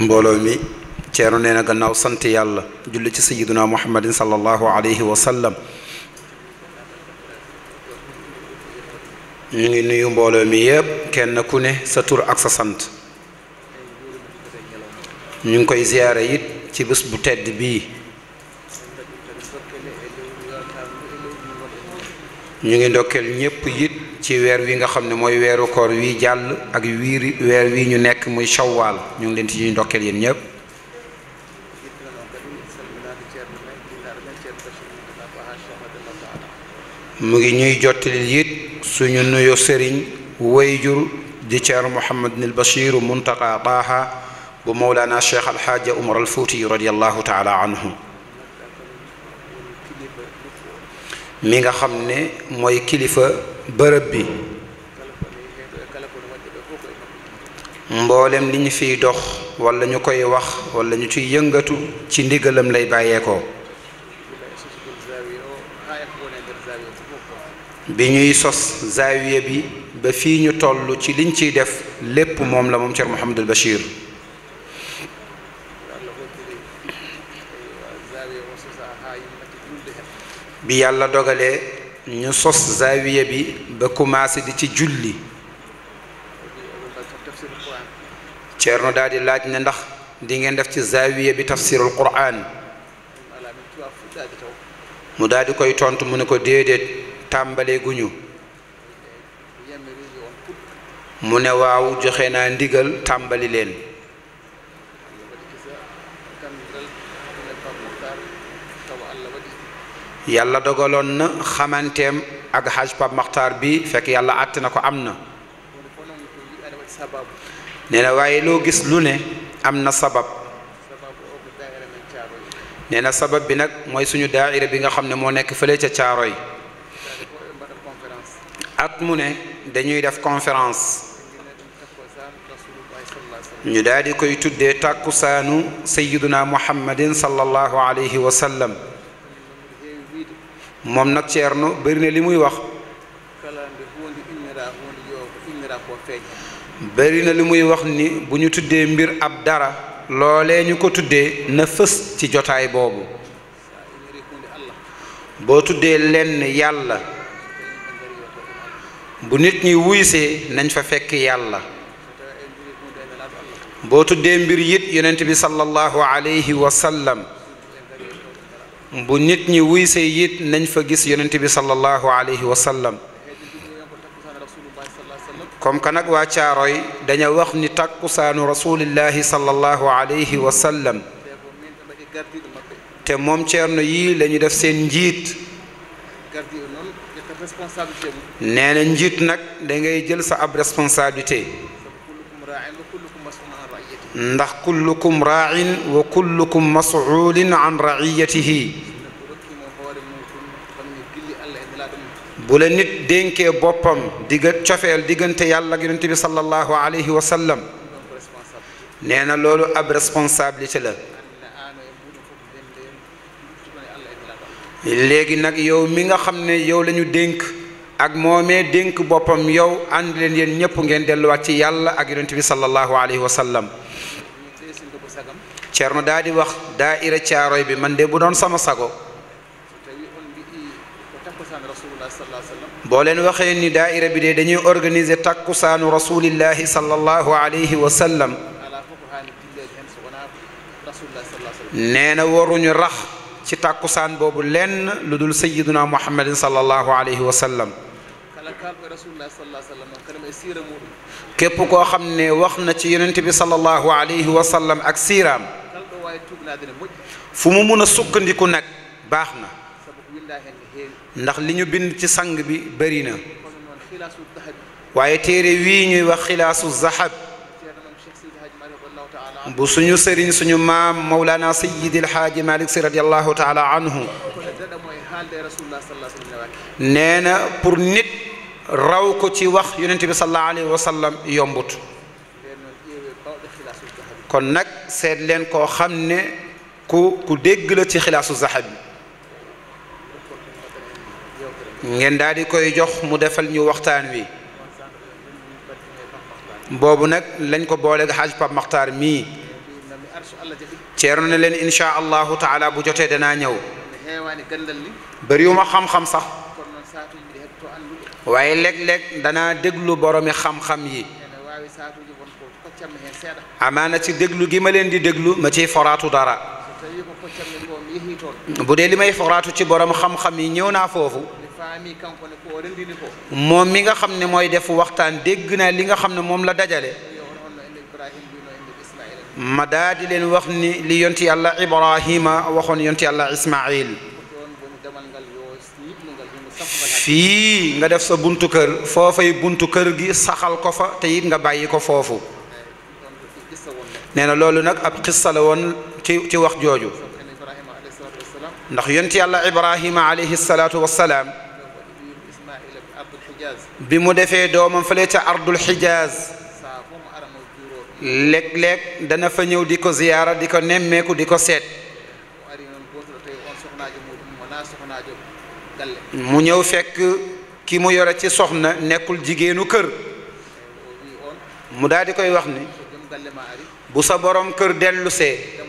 mbooloo mi ceeru nee na gannaaw sant yàlla julli ci sayiduna muhammadin sallallahu alayhi wa sallam ñu ngi nuyu mbooloo mi yëpp kenn ku ne sa tur ak sa sant ñu ngi koy ziyaare it ci bés bu tedd bii ñu ngi ndokkeel ñépp it ci wèr wi nga xamné moy wèru koor wi jàll ak wiiri wèr wi ñu nekk muy shawwal ñu ngi leen ci ñu dokkel yéen ñëpp mu ngi ñuy jotali yit suñu nuyu sëriñ wayjur di ceer Muhammad nil bashir Muntaqa taha bu maulana Cheikh al Alxaaja Umar al futi radiyallahu taala anhu mi nga xamne moy kilifa bërëb bi mboolem li ñu fiy dox walla ñu koy wax walla ñu ciy yëngatu ci ndigalam lay bàyyeekoo bi ñuy sos zaawiya bi ba fii ñu toll ci liñ ciy def lépp moom la moom Cheikh Mouhamadul Bachir bi yàlla dogalee ñu sos zawiya bi ba commencé di ci julli Ceerno daal di laaj ne ndax di ngeen def ci zawiya bi tafsirul Qur'an mu daldi koy tontu mu ne ko déedéet tàmbalee guñu mu ne waaw joxe naa ndigal tàmbali leen yàlla dogaloon na xamanteem ak xaj Pape Makhtar bi fekk yàlla àtt ko am na nee na gis lu ne sabab nee sabab bi nag mooy suñu daaira bi nga xam ne moo fële ca Caaroy at muné ne dañuy def conférence ñu daal di koy tuddee tàkkusaanu sayyiduna muhammadin sallallahu alayhi wa sallam moom nag Ceerno bëri na li muy wax bari na li muy wax ni bu ñu tuddee mbir ab dara loolee ñu ko tuddee na fës ci jotaay boobu boo tuddee lenn yàlla bu nit ñi wuysee nañ fa fekk yàlla boo tuddee mbir yit yonent bi sallallahu alayhi wa sallam bu nit ñi wuy see it nañ fa gis yonent bi sallallahu alayhi wa sallam comme que wa waa Caaroy daña wax ni takusanu rasulillah sallallahu alayhi wa sallam te mom cierno yi lañu def sen njit neena njit nak da ngay jël sa ab responsabilité ndax kullukum ra'in wa kullukum mas'uulin an ra'iyatihi bu nit denke bopam diga tiofel digante yàlla ak yunitibi sallallahu alayhi wa sallam neena lolu ab responsabilité la legui nak yow mi nga xamne yow lañu dénk ak momé dénk bopam yow ànd leen yéen ñëpp ngeen delu wat ci yàlla ak yunitibi sallallahu alayhi wa sallam ceerno daa di wax daaira caaroy bi man de bu doon sama sago boo leen waxee ni daaira bi de dañuy organiser takkusaanu rasulillahi sallallahu alayhi wa nee na waruñu rax ci takkusaan boobu lenn lu dul sayiduna muhammadin sallallahu alayhi wa sallam képp koo xam ne wax na ci yonent bi sallallahu alayhi wa ak siiraam fu mu mun a sukkandiku nag baax na ndax li ñu bind ci sang bi bari na waaye téere wii ñuy wax xilaasu zahab bu suñu sëriñ suñu maam mawlana sayidil xaaji malik si radiallahu taala anhu nee na pour nit raw ko ci wax yonente bi sallallahu alayhi wa yombut kon nak set len ko xamne ku ku dégg la ci khilasu zahabi ngeen daal di koy jox mu defal ñu waxtaan wi bobu nak lañ ko boole ak hajj pap Makhtar mi ceeru ne len insha allah taala bu jotee dana new bari yu ma bëriwuma xam-xam sax waye leg leg dana déglu borom xam-xam yi amanati ci déglu gi ma di déglu ma ciy foraatu dara bu dee li may foraatu ci borom xam-xam yi ñëw naa foofu mi nga xam ne def waxtaan dégg naa li nga xam ne la dajale ma daa di wax ni li yonti yàlla ibrahima waxoon yonti yàlla ismail fi nga def sa buntu kër foofay buntu kër gi saxal ko fa te it nga bàyyi ko نحن لولو نك أب قصة لون تي تي وقت جوجو نحن ينتي الله إبراهيم عليه الصلاة والسلام بمدفع دوم فليت أرض الحجاز لك لك دنا فنيو ديكو زيارة ديكو نميكو ديكو سيت mu ñew fekk ki mu yoré ci soxna nekul jigéenu kër mu daal di koy wax ni busa sa borom kër dellusee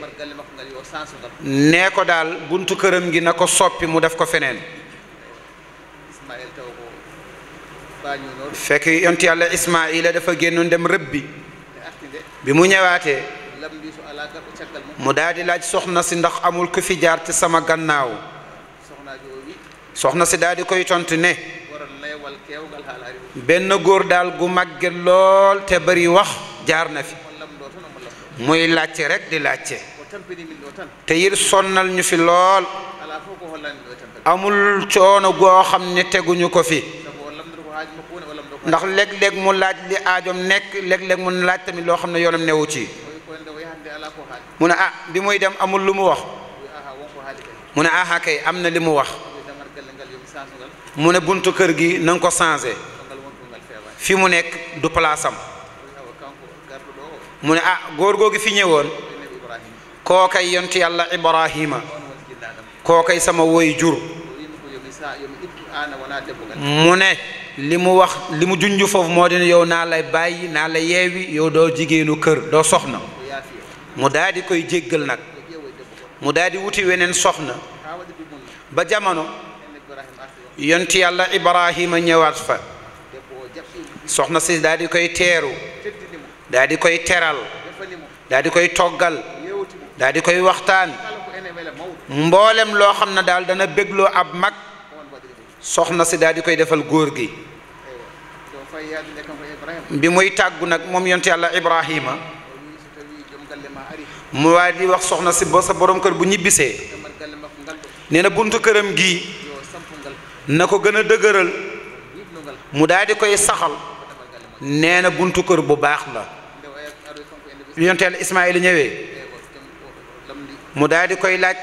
nee ko daal buntu këram gi na ko soppi mu def ko feneen fekk yonti yàlla Ismaila dafa génnoon dem rëbbi bi mu ñëwaatee mu daal di soxna si ndax amul ku fi jaar ci sama gannaaw soxna si daal di koy tontu ne benn góor daal gu màgget lool te bari wax jaar na fi muy laajte rek di laajte te it sonnal ñu fi lool amul coono goo xam ne teguñu ko fi ndax léeg-léeg mu laaj li aajom nek léeg-léeg mu laaj tamit lo xamne ne yoonam newu ci muna ah bi muy dem amul lu mu wax muna ah aha kay am na wax muna buntu kër gi nang ko changer fi mu nek du place am mu ne ah góor googu fi ñëwoon kookay yontu yàlla ibrahima kookay sama woy jur mu ne li mu wax li mu junj foofu moo dina yow naa lay bàyyi naa la yeewi yow doo jigéenu kër doo soxna mu daal koy jéggal nag mu daal wuti weneen soxna ba jamono yontu yàlla ibrahima ñëwaat fa soxna si daal di koy teeru daal koy teral daal koy toggal daal di koy waxtaan mboolem loo xam ne dana bégloo ab mag soxna si daal koy defal góor gi bi muy tàggu nag moom yonent yàlla Ibrahima mu waa di wax soxna si ba sa borom kër bu ñibbisee nee na buntu këram gii na ko gën mu daal koy saxal nee buntu kër bu baax la yonte yàlla Ismaayil ñëwee mu daal di koy laaj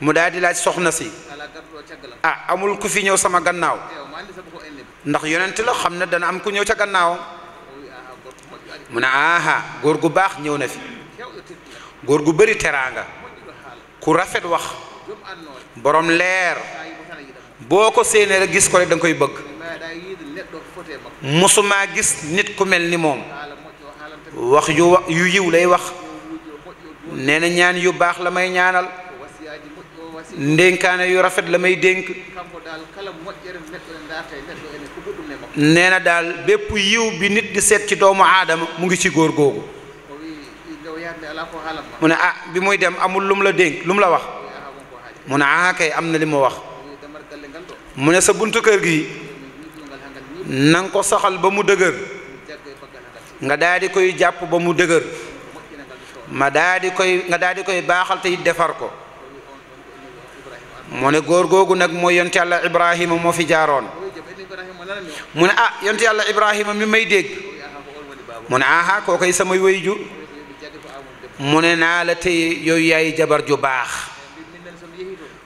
mu daal di laaj soxna si ah amul ku fi ñëw sama gannaaw ndax yonent la xam ne dana am ku ñëw ca gannaawam mu ne aha góor gu baax ñëw na fi góor gu bari teraanga ku rafet wax borom leer boo ko séenee gis ko rek koy bëgg musumaa gis nit ku mel ni moom. wax yu yu yiw lay wax nee na ñaan yu baax la may ñaanal ndénkaane yu rafet la may dénk nee na daal bépp yiw bi nit di seet ci doomu aadama mu ngi ci góor googu mu ne ah bi muy dem amul lum la dénk lum la wax mu ne ah kay am na li ma wax mu ne sa buntu kër gi na ko saxal ba mu dëgër nga daal di koy jàpp ba mu dëgër ma daal koy nga daal di koy baaxal te defar ko mu ne góor googu nag mooy yonte yàlla ibrahima moo fi jaaroon mu ne ah yonte yàlla ibrahima mi may dégg mu ne aha koo koy samay wayju mu ne naa la tey yooyu yaay jabar ju baax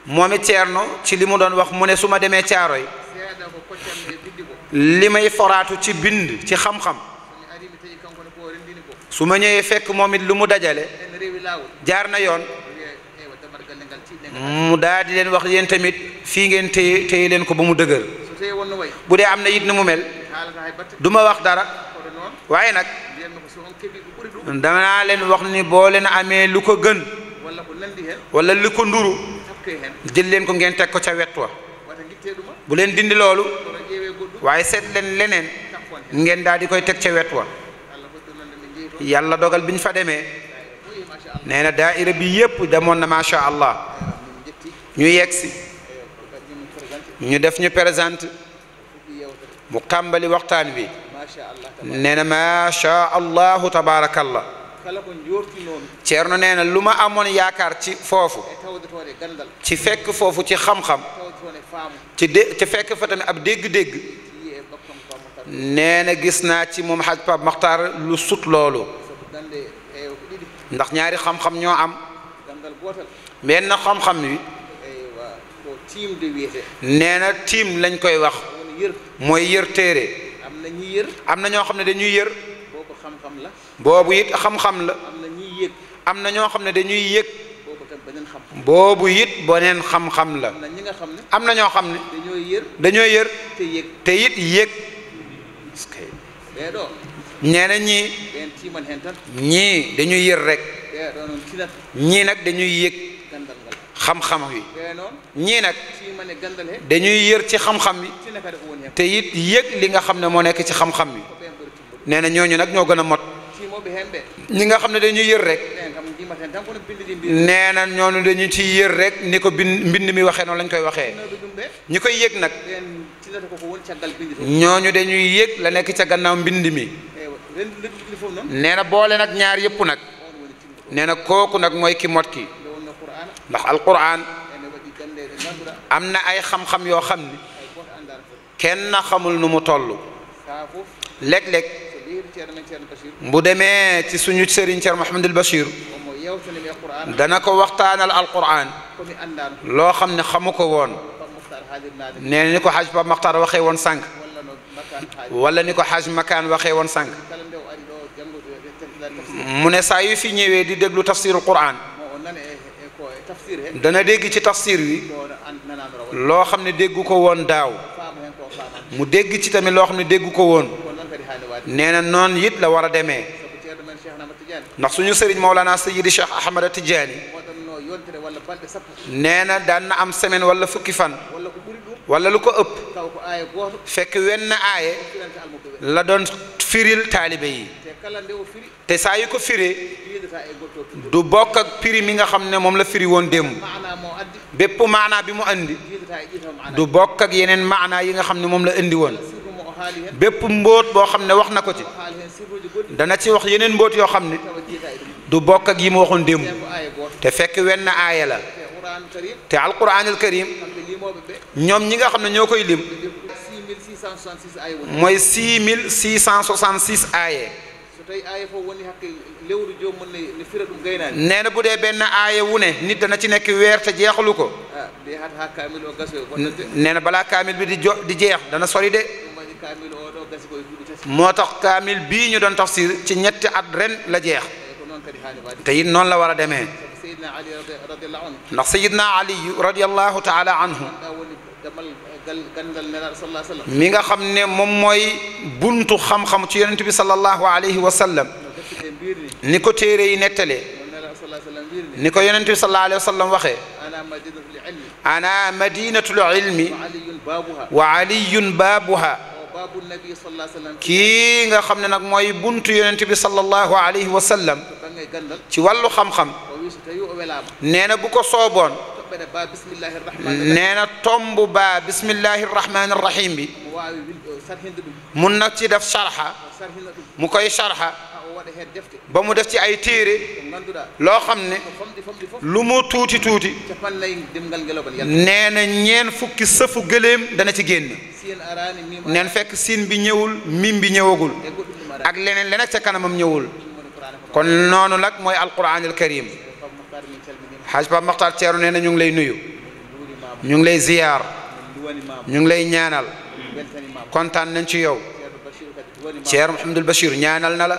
moom it ceerno ci li mu doon wax mu ne su ma demee caaroy li may foraatu ci bind ci xam-xam su ma ñëwee fekk moom it lu mu dajale jaar na yoon mu daa di leen wax yéen tamit fii ngeen téye téye leen ko ba mu dëgër bu dee am na it ni mu mel duma wax dara waaye nag danaa leen wax ni boo leen amee lu ko gën wala lu ko nduru jël leen ko ngeen teg ko ca wet wa bu leen dindi loolu waaye seet leen leneen ngeen daal di koy teg ca wet wa yàlla dogal biñ fa démé néna na daaira bi yépp démon na ma sha allah ñu yexsi ñu def ñu présente mu kambali waxtaan bi néna ma sha Allah tabarak Allah nee néna luma amone yaakar ci fofu ci fekk fofu ci xam-xam ci ci fekk fa tamit ab dégg-dégg nee na gis naa ci moom xaj Pape Makhtar lu sut loolu ndax ñaari xam-xam ñoo am benn xam-xam wi nee na tiim lañ koy wax mooy yër téere am na ñoo xam ne dañuy yër boobu it xam-xam la am na ñoo xam ne dañuy yëg boobu it beneen xam-xam la am na ñoo xam ne dañooy yër te yëg te it yëg ñeneen ñi ñii dañuy yër rek ñii nag dañuy yëg xam-xam wi ñii nag dañuy yër ci xam-xam wi te it yëg li nga xam ne moo nekk ci xam-xam wi nee na ñooñu nag ñoo gën a mot ñi nga xam ne dañuy yër rek nee na ñooñu dañu ci yër rek ni ko bind mbind mi waxee noonu lañ koy waxee ñi koy yëg nag. ñooñu dañuy yëg la nekk ca gannaaw mbind mi eh, nee na boole nag ñaar yépp nag nee na kooku nag mooy ki mot ki ndax alquran am na ay xam-xam yoo xam ni kenn xamul nu mu toll léeg-léeg bu demee ci suñu sëriñ Ceer Mouhamadul Bachir dana ko waxtaanal alquran loo xam ne xamu ko woon. nee na ni ko xaj Pape Makhtar waxee woon sànq wala ni ko xaj Makaan waxee woon sànq mu ne saa yu fi ñëwee di déglu tafsiru Qur'an dana dégg ci tafsir wi loo xam ne déggu ko woon daaw mu dégg ci tamit loo xam ne déggu ko woon nee na noonu it la war a demee ndax suñu sëriñ Mawlana Sayyidi Cheikh Ahmad Tidiane nee na daan na am semaine wala fukki fan. walla lu ko ëpp fekk wenn aaye la doon firil taalibe yi te saa yu ko firee du bokk ak piri mi nga xam ne moom la firi woon démb bépp maanaa bi mu andi du bokk ak yeneen maanaa yi nga xam ne moom la indi woon bépp mbóot boo xam ne wax na ko ci dana ci wax yeneen mbóot yoo xam ne du bokk ak yi mu waxoon démb te fekk wenn aaye la te alquraanil karim ñoom ñi nga xam ne ñoo koy lim mooy 6666 aaye nee na bu dee benn aaye wu ne nit dana ci nekk weer te jeexalu ko nee na balaa kaamil bi di jo di jeex dana sori de moo tax kaamil bii ñu doon tafsir ci ñetti at ren la jeex te it noonu la war a demee ndax sayidna ali radiyallahu taala anhu mi nga xam ne moom mooy buntu xam-xam ci yonent bi sallallahu alayhi wa sallam ni ko téere yi nettalee ni ko yonent bi sallallahu alayhi wa sallam waxee ana madinatul ilmi wa aliyun baabuha kii nga xam ne nag mooy buntu yonent bi sallallahu alayhi wa sallam ci wàllu xam-xam nee na bu ko sooboon ربنا با بسم الله الرحمن الرحيم نينا تومب با بسم الله الرحمن الرحيم بي مننا تي داف شرحه موكاي شرحه بامو داف تي اي تيري لو خامني لومو توتي توتي نينا نين فوكي سفو گليم دا نتي ген نين فك سين بي نيول ميم بي نيوغول اك لنين لنك تا كانامم نيوول كون نونو لك موي القران الكريم xaaj Pape Makhtar Ceeru nee na ñu ngi lay nuyu ñu ngi lay ziyaar ñu ngi lay ñaanal kontaan nañ ci yow Ceeru Mouhamadul Bachir ñaanal na la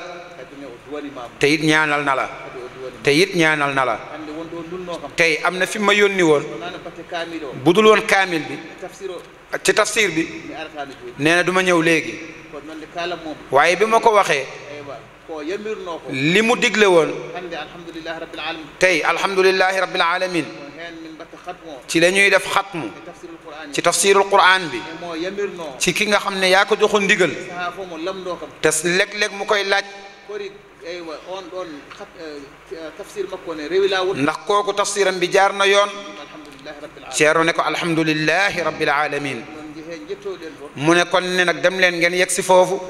te ñaanal na la te ñaanal na la tey am na fi ma yónni woon bu dul woon kaamil bi ci tafsir bi nee na du ma ñëw léegi waaye bi ma ko waxee li mu digle woon tey alhamdulilahi rabbil alamin ci la ñuy def xatmu ci tafsirul quran bi ci ki nga xam ne yaa ko joxoon ndigal te léeg-léeg mu koy laaj ndax kooku tafsiram bi jaar na yoon ceero ne ko alhamdulilahi rabbil alamin mu ne kon ne nag dem leen ngeen yegg si foofu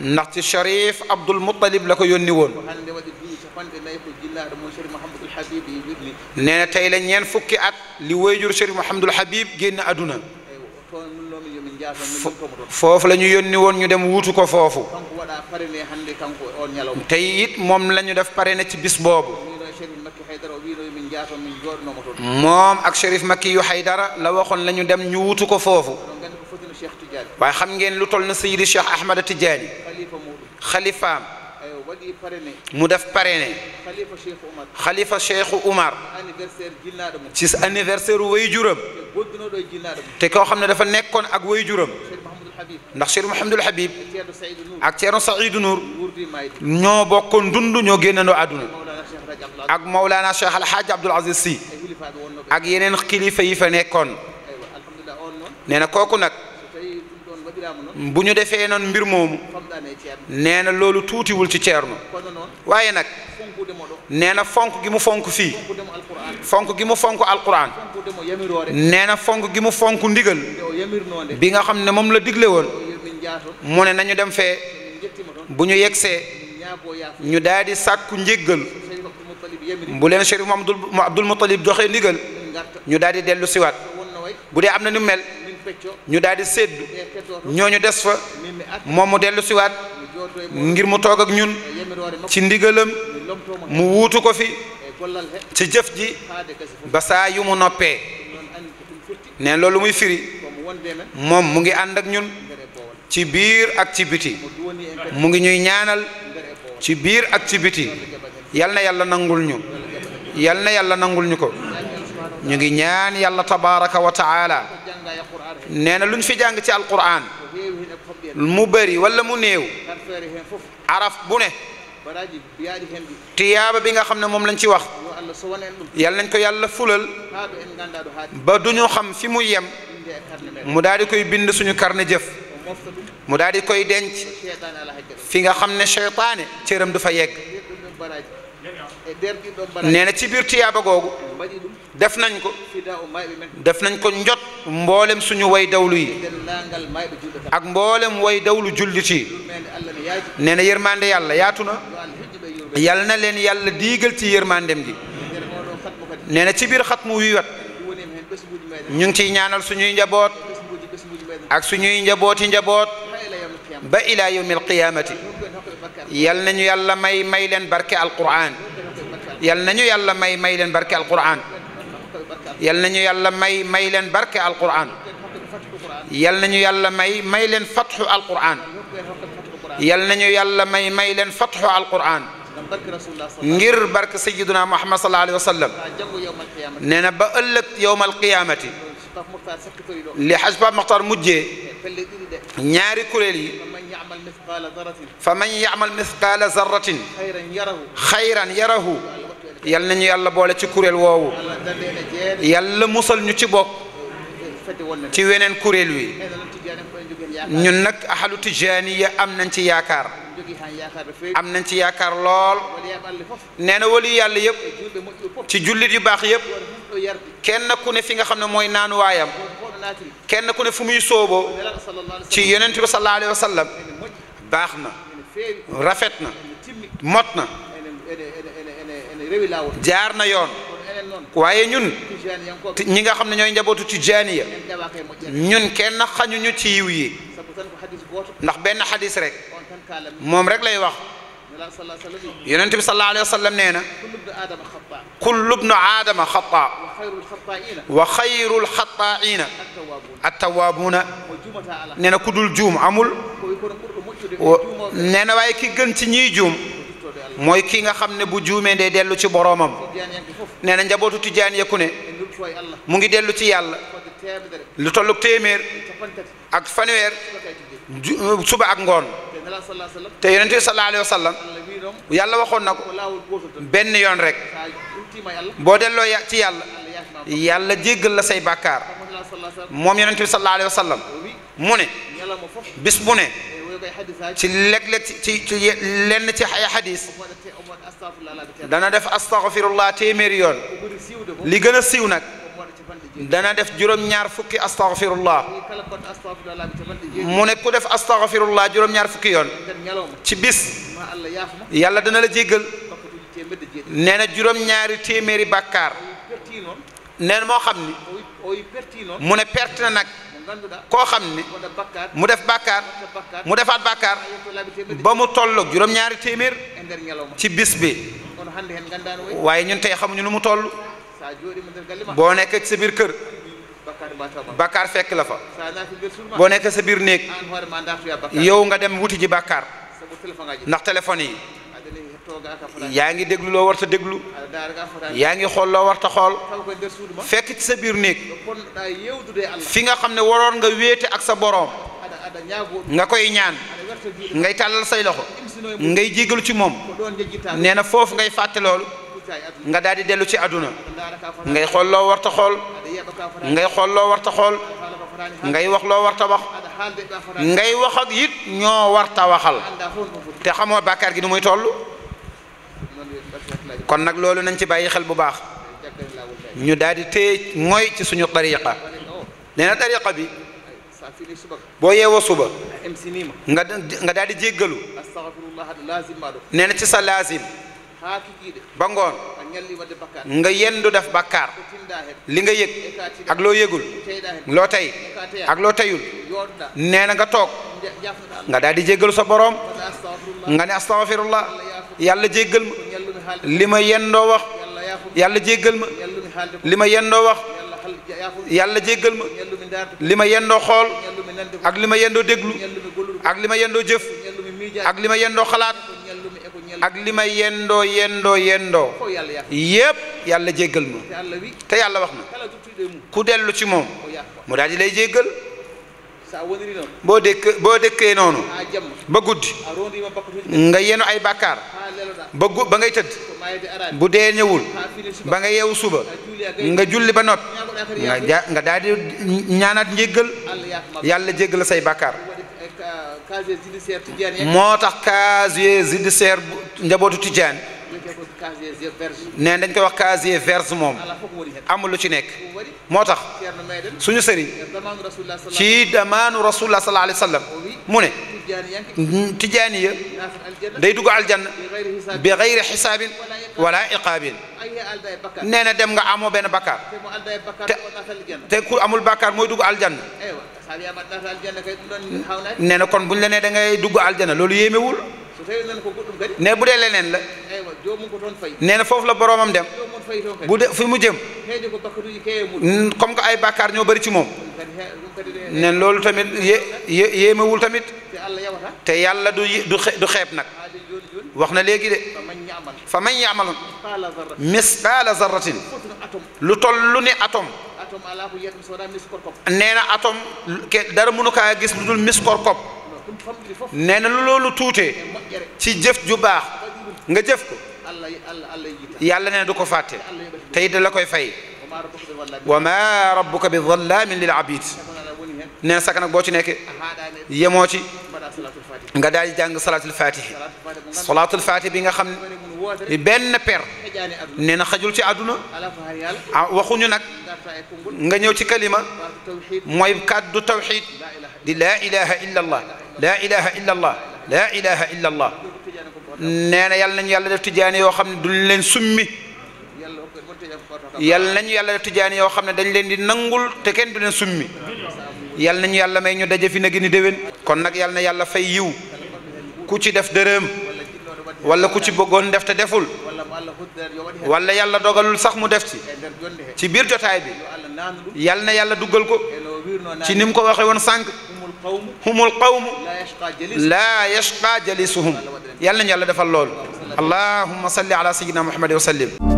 ndaxte Sharif Abdul Muttalib la ko yónni woon nee na tey la ñeen fukki at li wéyjur Sharif Mouhamadul Habib génn àdduna foofu la ñu yónni woon ñu dem wuutu ko foofu tey it moom la ñu def pare na ci bis boobu. موم اك شريف مكي حيدر لا واخون لا نيو دم نيووتو كو فوفو واي خام نين لو تول سيد الشيخ احمد التجاني خليفه مو داف باريني خليفه شيخ عمر خليفه شيخ عمر انيفرسير جيلنادم ndax cheikh mohammed الحبيب ak cheikh سعيد نور ño bokkon dundu ño gennano aduna ak Mawlana Cheikh Al Hadj Abdoul Aziz Sy ak yenen khalifa yi fa nekkon neena koku nak buñu defé non mbir mom neena lolu loolu wul ci Ceerno waye nak neena na fonk gi mu fonk fi fonk gi mu fonk alquran nee na fonk gi mu fonk ndigal bi nga xamne mom la digle won mu ne nañu dem fe buñu ñu ñu daadi sàkku njéggal bu leen Chérif Mamadou Abdoul Moutalib joxe ndigal ñu daal di dellu siwaat bu dee am na ñu mel ñu daal di séddu ñooñu des fa moom mu dellu siwaat ngir mu toog ak ñun ci ndigalam mu wuutu ko fi ci jëf ji ba yu mu noppee neen loolu muy firi moom mu ngi ànd ak ñun ci biir ak ci biti mu ngi ñuy ñaanal ci biir ak ci biti yalna na yàlla nangul ñu yal na yàlla nangul ñu ñu ngi ñaan yàlla tabaraka wa taala nee na lu ñu fi jàng ci alquran mu bëri wala mu néew araf bu ne tiyaaba bi nga xam ne moom lañ ci wax yal nañ ko yàlla fulal ba du xam fi mu yem mu daal koy bind suñu carnet jëf mu daal koy denc fi nga xam ne seytaane du fa yegg nee na ci biir tiyaaba ko def ko njot mboolem suñu way dawlu yi ak mboolem way dawlu jullit yi nee na yërmande yàlla yaatu na yal na leen yàlla diigal ci yërmandem gi nee na ci biir xat mu wi ak suñuy njabooti njaboot ba ila yawmi alqiyamati yal nañu yàlla may may leen barke qur'an يلنيو يلا ماي ميلن بركة القرآن يلنيو يلا ماي ميلن بركة القرآن يلنيو يلا ماي ميلن فتح القرآن يلنيو يلا ماي ميلن فتح القرآن نير بركة سيدنا محمد صلى الله عليه وسلم ننبألك يوم القيامة لحسب مختار مجيء نياري كوليلي فمن يعمل مثقال ذره خيرا يره yal nañu yàlla boole ci kuréel woowu yàlla musal ñu ci bokk ci weneen kuréel wi ñun nag axalu tijaaniya am nañ ci yaakaar am nañ ci yaakaar lool nee na wali yàlla yëpp ci jullit yu baax yëpp kenn ku ne fi nga xam ne mooy naanuwaayam kenn ku ne fu muy sooboo ci yonent bi sallallahu alayhi wa sallam baax na jaar na yoon waaye ñun ñi nga xam ne ñooy njabootu tijaani ya ñun kenn xañuñu ci yiw yi ndax benn xadis rek moom rek lay wax yonent bi sallallahu alayhi wa sallam nee na kullu aadama xataa wa xayrul xataaina attawaabuuna nee na ku dul juum amul nee na waaye ki gën ci ñiy juum moy ki nga xamne bu juumee ndey delu ci boromam neena njabotu tidiane tijaan ne mu ngi delu ci yàlla lu tollu temer ak fanwer suba ak ngon te yonent bi sallallahu alayhi wasallam yàlla waxon nako ben yon rek bo delo ci yàlla yàlla djegal la say bakar mom yonent bi sallallahu alayhi wasallam muné bis muné ci léeg-léeg ci ci lenn ci ay xadis dana def astaghfirullah téeméeri yoon li gën a siiw nag dana def juróom-ñaar fukki astaghfirullah mu ne ku def astaghfirullah juróom-ñaar fukki yoon ci bis yàlla dana la jéggal nee na juróom-ñaari téeméeri bàkkaar nee na moo xam ni mu ne perte na nag koo xam ni mu def bàkkaar mu defaat bàkkaar ba mu tolloog juróom-ñaari téeméer ci bis bi waaye ñun tey xamuñu lu mu toll boo nekkee ci sa biir kër bàkkaar fekk la fa boo nekk sa biir néeg yow nga dem wuti ji bàkkaar ndax téléphone yi yaa ngi déglu loo warta déglu ah, yaa ngi xool loo warta xool fekk ci sa biir néeg fi nga xam ne waroon nga wéete ak sa boroom nga koy ñaan ngay tàllal say loxo ngay jégalu ci moom nee na foofu ngay fàtte loolu nga daal di dellu ci àdduna ngay xool loo warta xool ngay xool loo warta xool ngay wax loo warta wax ngay wax ak it ñoo warta waxal te xamoo bàkkaar gi nu muy toll kon nag loolu nañ ci bàyyi xel bu baax ñu daal di téye mooy ci suñu tariqa nee na tariqa bi boo yeewoo suba nga nga daal di jéggalu nee na ci sa laazim ba ngoon nga yendu def bakkaar li nga yég ak loo yégul loo tey ak loo teyul nee na nga toog nga daal di jéggalu sa boroom nga ne astaghfirullah yàlla jéggal ma li ma yendoo wax yàlla jéggal ma li ma yendoo wax yàlla jéggal ma li ma yendoo xool ak li ma yendoo déglu ak li ma yendoo jëf ak li ma yendoo xalaat ak li ma yendoo yendoo yendoo yépp yàlla jéggal ma te yàlla wax na ku dellu ci moom mu daal lay jéggal boo dëkk boo dëkkee noonu ba guddi nga yenu ay bàkkaar ba gu ba ngay tëdd bu dee ñëwul ba nga yeewu suba nga julli ba not nga ja nga daal di ñaanaat njéggal yàlla jéggal say bàkkaar eh, moo tax casier judiciaire njabootu Tijaan nee dañ koy wax casier vierge moom amul ci nekk moo tax suñu sëriñ ci damaanu rasulullah sallallahu alayhi wa mu ne tijaaniya day dugg aljanna bi xayri xisaabin wala iqaabin nee na dem nga amoo benn bakkaar te te ku amul bakkaar mooy dugg aljanna nee na kon buñ la nee da ngay dugg aljanna loolu yéemewul ne bu dee leneen la nee na foofu la boroomam dem bu de fi mu jëm comme que ay bàkkaar ñoo bari ci moom ne loolu tamit yé yé yéemewul tamit te yàlla du du du xeeb nag ah, wax na léegi de fa man yaamal misqaala zarratin lu toll lu ne atome nee na atome dara mënu kaa gis lu dul miskorkop nee na lu loolu tuute ci jëf ju baax nga jëf ko yàlla nee na du ko fàtte te it la koy fay wa ma rabbuka bi dhallaamin lil abid nee na ci nekkee yemoo ci nga daal jàng salaatul faatihi salaatul faatihi bi nga xam ne per nee xajul ci àdduna ah waxuñu nag nga ñëw ci kalima mooy kàddu tawxiid di laa ilaha illa allah laa ilaha illa allah laa ilaha illa allah nee na yàlla nañu yàlla def tijaani yoo xam ne duñ leen summi yàlla nañu yàlla def tijaani yoo xam ne dañ leen di nangul te kenn du leen summi yàlla nañu yàlla may ñu daje fi na gën a déwén kon nag yàlla na yàlla fay yiw ku ci def dërëm wala ku ci bëggoon def te deful wala yàlla dogalul sax mu def ci ci biir jotaay bi yàlla na yàlla duggal ko ci ni mu ko waxee woon sànq القوم هم القوم لا يشقى جليسهم يلا يلا دفع اللول اللهم صل على سيدنا محمد وسلم